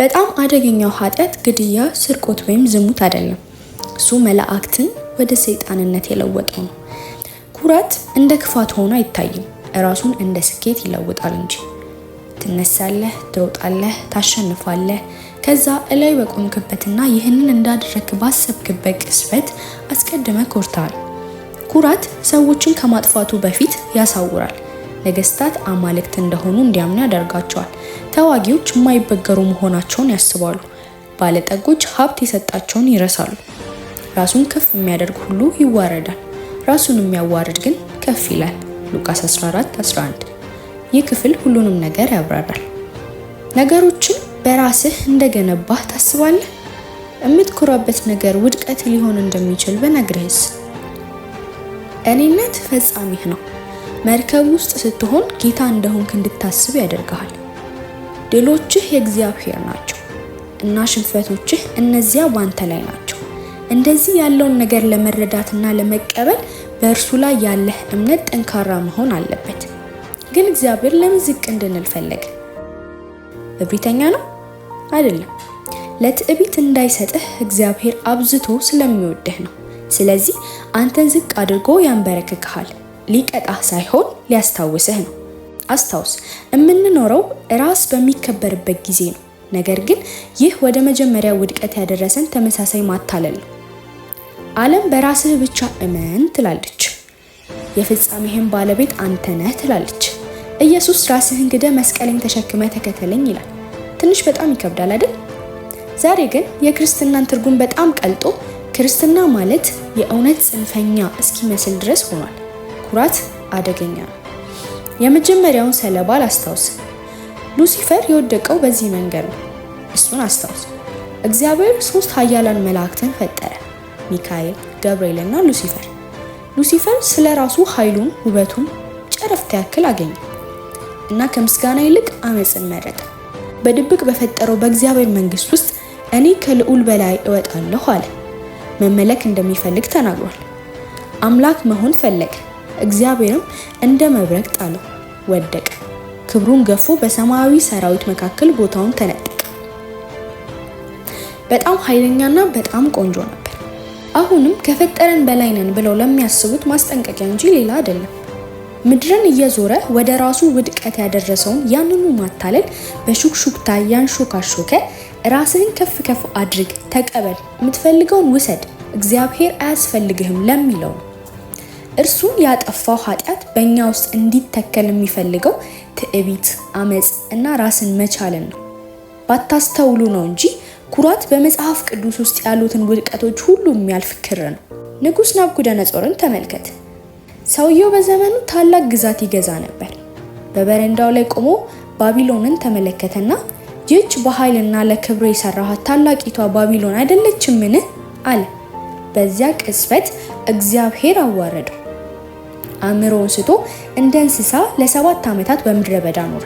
በጣም አደገኛው ኃጢአት ግድያ፣ ስርቆት ወይም ዝሙት አይደለም። እሱ መላእክትን ወደ ሰይጣንነት የለወጠው ነው። ኩራት እንደ ክፋት ሆኖ አይታይም፣ እራሱን እንደ ስኬት ይለውጣል እንጂ። ትነሳለህ፣ ትሮጣለህ፣ ታሸንፋለህ። ከዛ እላይ በቆምክበትና ይህንን እንዳደረግክ ባሰብክበት ቅስበት አስቀድመ ኮርታል። ኩራት ሰዎችን ከማጥፋቱ በፊት ያሳውራል። ነገስታት አማልክት እንደሆኑ እንዲያምኑ ያደርጋቸዋል። ተዋጊዎች የማይበገሩ መሆናቸውን ያስባሉ። ባለጠጎች ሀብት የሰጣቸውን ይረሳሉ። ራሱን ከፍ የሚያደርግ ሁሉ ይዋረዳል፣ ራሱን የሚያዋርድ ግን ከፍ ይላል። ሉቃስ 14:11 ይህ ክፍል ሁሉንም ነገር ያብራራል። ነገሮችን በራስህ እንደገነባህ ታስባለህ? የምትኮራበት ነገር ውድቀት ሊሆን እንደሚችል በነግርህስ? እኔነት ፈጻሚህ ነው። መርከብ ውስጥ ስትሆን ጌታ እንደሆንክ እንድታስብ ያደርግሃል። ድሎችህ የእግዚአብሔር ናቸው እና ሽንፈቶችህ እነዚያ ባንተ ላይ ናቸው። እንደዚህ ያለውን ነገር ለመረዳትና ለመቀበል በእርሱ ላይ ያለህ እምነት ጠንካራ መሆን አለበት። ግን እግዚአብሔር ለምን ዝቅ እንድንል ፈለገ? እብሪተኛ ነው አይደለም። ለትዕቢት እንዳይሰጥህ እግዚአብሔር አብዝቶ ስለሚወድህ ነው። ስለዚህ አንተን ዝቅ አድርጎ ያንበረክክሃል። ሊቀጣህ ሳይሆን ሊያስታውስህ ነው። አስታውስ፣ የምንኖረው ራስ በሚከበርበት ጊዜ ነው። ነገር ግን ይህ ወደ መጀመሪያ ውድቀት ያደረሰን ተመሳሳይ ማታለል ነው። ዓለም በራስህ ብቻ እመን ትላለች። የፍጻሜህን ባለቤት አንተ ነህ ትላለች። ኢየሱስ ራስህን ግደ፣ መስቀሌን ተሸክመ ተከተለኝ ይላል። ትንሽ በጣም ይከብዳል አይደል? ዛሬ ግን የክርስትናን ትርጉም በጣም ቀልጦ ክርስትና ማለት የእውነት ጽንፈኛ እስኪመስል ድረስ ሆኗል። ኩራት አደገኛ ነው። የመጀመሪያውን ሰለባ ላስታውስ። ሉሲፈር የወደቀው በዚህ መንገድ ነው። እሱን አስታውስ። እግዚአብሔር ሶስት ኃያላን መላእክትን ፈጠረ፣ ሚካኤል፣ ገብርኤል እና ሉሲፈር። ሉሲፈር ስለ ራሱ ኃይሉን፣ ውበቱን ጨረፍታ ያክል አገኘ እና ከምስጋና ይልቅ አመፅን መረጠ። በድብቅ በፈጠረው በእግዚአብሔር መንግስት ውስጥ እኔ ከልዑል በላይ እወጣለሁ አለ። መመለክ እንደሚፈልግ ተናግሯል። አምላክ መሆን ፈለገ። እግዚአብሔርም እንደ መብረቅ ጣለው፣ ወደቀ። ክብሩን ገፎ በሰማያዊ ሰራዊት መካከል ቦታውን ተነጠቀ። በጣም ኃይለኛና በጣም ቆንጆ ነበር። አሁንም ከፈጠረን በላይ ነን ብለው ለሚያስቡት ማስጠንቀቂያ እንጂ ሌላ አይደለም። ምድርን እየዞረ ወደ ራሱ ውድቀት ያደረሰውን ያንኑ ማታለል በሹክሹክታ ያንሾካሾከ ራስህን ከፍ ከፍ አድርግ፣ ተቀበል፣ የምትፈልገውን ውሰድ፣ እግዚአብሔር አያስፈልግህም ለሚለው እርሱ ያጠፋው ኃጢአት በእኛ ውስጥ እንዲተከል የሚፈልገው ትዕቢት፣ አመፅ እና ራስን መቻልን ነው። ባታስተውሉ ነው እንጂ ኩራት በመጽሐፍ ቅዱስ ውስጥ ያሉትን ውድቀቶች ሁሉ የሚያልፍ ክር ነው። ንጉሥ ናቡከደነጾርን ተመልከት። ሰውየው በዘመኑ ታላቅ ግዛት ይገዛ ነበር። በበረንዳው ላይ ቆሞ ባቢሎንን ተመለከተና ይህች በኃይልና ለክብሮ የሰራሃት ታላቂቷ ባቢሎን አይደለችምን? አለ። በዚያ ቅጽበት እግዚአብሔር አዋረደው። አእምሮውን ስቶ እንደ እንስሳ ለሰባት ዓመታት በምድረ በዳ ኖረ።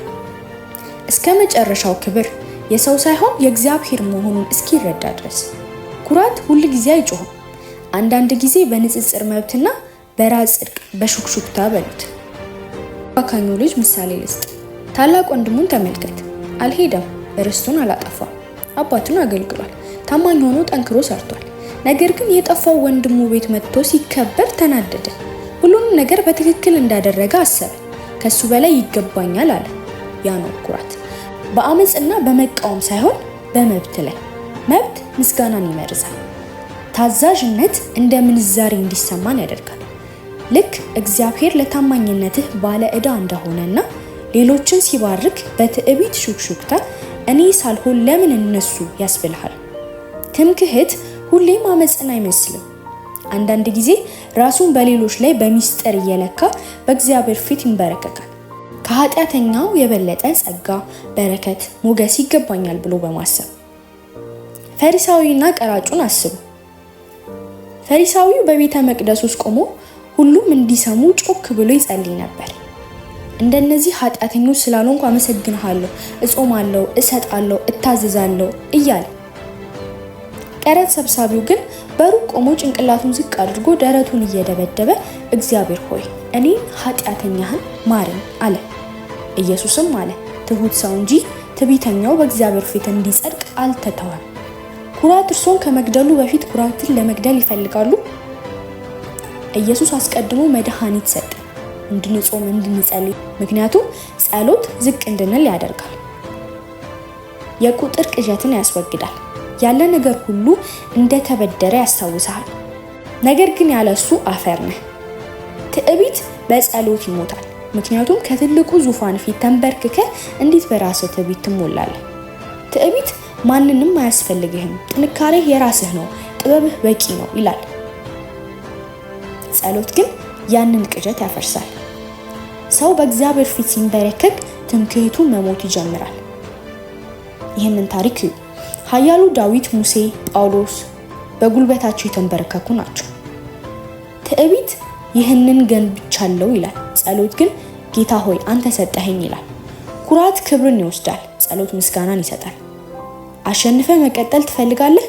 እስከ መጨረሻው ክብር የሰው ሳይሆን የእግዚአብሔር መሆኑን እስኪረዳ ድረስ። ኩራት ሁል ጊዜ አይጮህም። አንዳንድ ጊዜ በንጽጽር መብትና በራስ ጽድቅ በሹክሹክታ በሉት። ባካኙ ልጅ ምሳሌ ልስጥ። ታላቅ ወንድሙን ተመልከት። አልሄደም፣ ርስቱን አላጠፋም። አባቱን አገልግሏል። ታማኝ ሆኖ ጠንክሮ ሰርቷል። ነገር ግን የጠፋው ወንድሙ ቤት መጥቶ ሲከበር ተናደደ። ሁሉንም ነገር በትክክል እንዳደረገ አሰበ። ከሱ በላይ ይገባኛል አለ። ያ ነው ኩራት፣ በአመፅና በመቃወም ሳይሆን በመብት ላይ። መብት ምስጋናን ይመርዛል። ታዛዥነት እንደ ምንዛሬ እንዲሰማን ያደርጋል። ልክ እግዚአብሔር ለታማኝነትህ ባለ ዕዳ እንደሆነና ሌሎችን ሲባርክ በትዕቢት ሹክሹክታ እኔ ሳልሆን ለምን እነሱ ያስብልሃል። ትምክህት ሁሌም አመፅን አይመስልም። አንዳንድ ጊዜ ራሱን በሌሎች ላይ በሚስጥር እየለካ በእግዚአብሔር ፊት ይንበረከካል። ከኃጢአተኛው የበለጠ ጸጋ፣ በረከት፣ ሞገስ ይገባኛል ብሎ በማሰብ ፈሪሳዊና ቀራጩን አስቡ። ፈሪሳዊው በቤተ መቅደስ ውስጥ ቆሞ ሁሉም እንዲሰሙ ጮክ ብሎ ይጸልይ ነበር። እንደነዚህ ኃጢአተኞች ስላልሆንኩ አመሰግንሃለሁ፣ እጾማለሁ፣ እሰጣለሁ፣ እታዘዛለሁ እያለ ቀረጥ ሰብሳቢው ግን በሩቅ ቆሞ ጭንቅላቱን ዝቅ አድርጎ ደረቱን እየደበደበ እግዚአብሔር ሆይ እኔ ኃጢአተኛህን ማረኝ አለ። ኢየሱስም አለ ትሁት ሰው እንጂ ትቢተኛው በእግዚአብሔር ፊት እንዲጸድቅ አልተተዋል። ኩራት እርሶን ከመግደሉ በፊት ኩራትን ለመግደል ይፈልጋሉ። ኢየሱስ አስቀድሞ መድኃኒት ሰጠ እንድንጾም እንድንጸልይ፣ ምክንያቱም ጸሎት ዝቅ እንድንል ያደርጋል። የቁጥር ቅዠትን ያስወግዳል። ያለ ነገር ሁሉ እንደተበደረ ያስታውስሃል። ነገር ግን ያለሱ አፈር ነህ። ትዕቢት በጸሎት ይሞታል። ምክንያቱም ከትልቁ ዙፋን ፊት ተንበርክከ እንዴት በራስ ትዕቢት ትሞላለህ? ትዕቢት ማንንም አያስፈልግህም፣ ጥንካሬህ የራስህ ነው፣ ጥበብህ በቂ ነው ይላል። ጸሎት ግን ያንን ቅዠት ያፈርሳል። ሰው በእግዚአብሔር ፊት ሲንበረከክ ትምክህቱ መሞት ይጀምራል። ይህንን ታሪክ ኃያሉ ዳዊት፣ ሙሴ፣ ጳውሎስ በጉልበታቸው የተንበረከኩ ናቸው። ትዕቢት ይህንን ገንብቻለሁ ይላል፣ ጸሎት ግን ጌታ ሆይ አንተ ሰጠኸኝ ይላል። ኩራት ክብርን ይወስዳል፣ ጸሎት ምስጋናን ይሰጣል። አሸንፈ መቀጠል ትፈልጋለህ?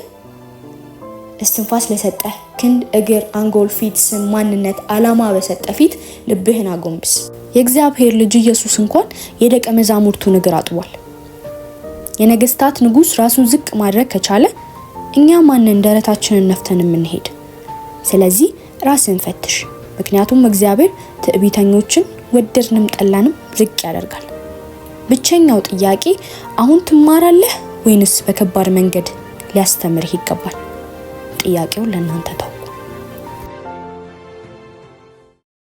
እስትንፋስ ለሰጠህ ክንድ፣ እግር፣ አንጎል፣ ፊት፣ ስም፣ ማንነት፣ ዓላማ በሰጠ ፊት ልብህን አጎንብስ። የእግዚአብሔር ልጅ ኢየሱስ እንኳን የደቀ መዛሙርቱን እግር አጥቧል። የነገስታት ንጉስ ራሱን ዝቅ ማድረግ ከቻለ እኛ ማንን ደረታችንን ነፍተን የምንሄድ? ስለዚህ ራስን ፈትሽ። ምክንያቱም እግዚአብሔር ትዕቢተኞችን ወደድንም ጠላንም ዝቅ ያደርጋል። ብቸኛው ጥያቄ አሁን ትማራለህ ወይንስ በከባድ መንገድ ሊያስተምርህ ይገባል? ጥያቄውን ለእናንተ ተው።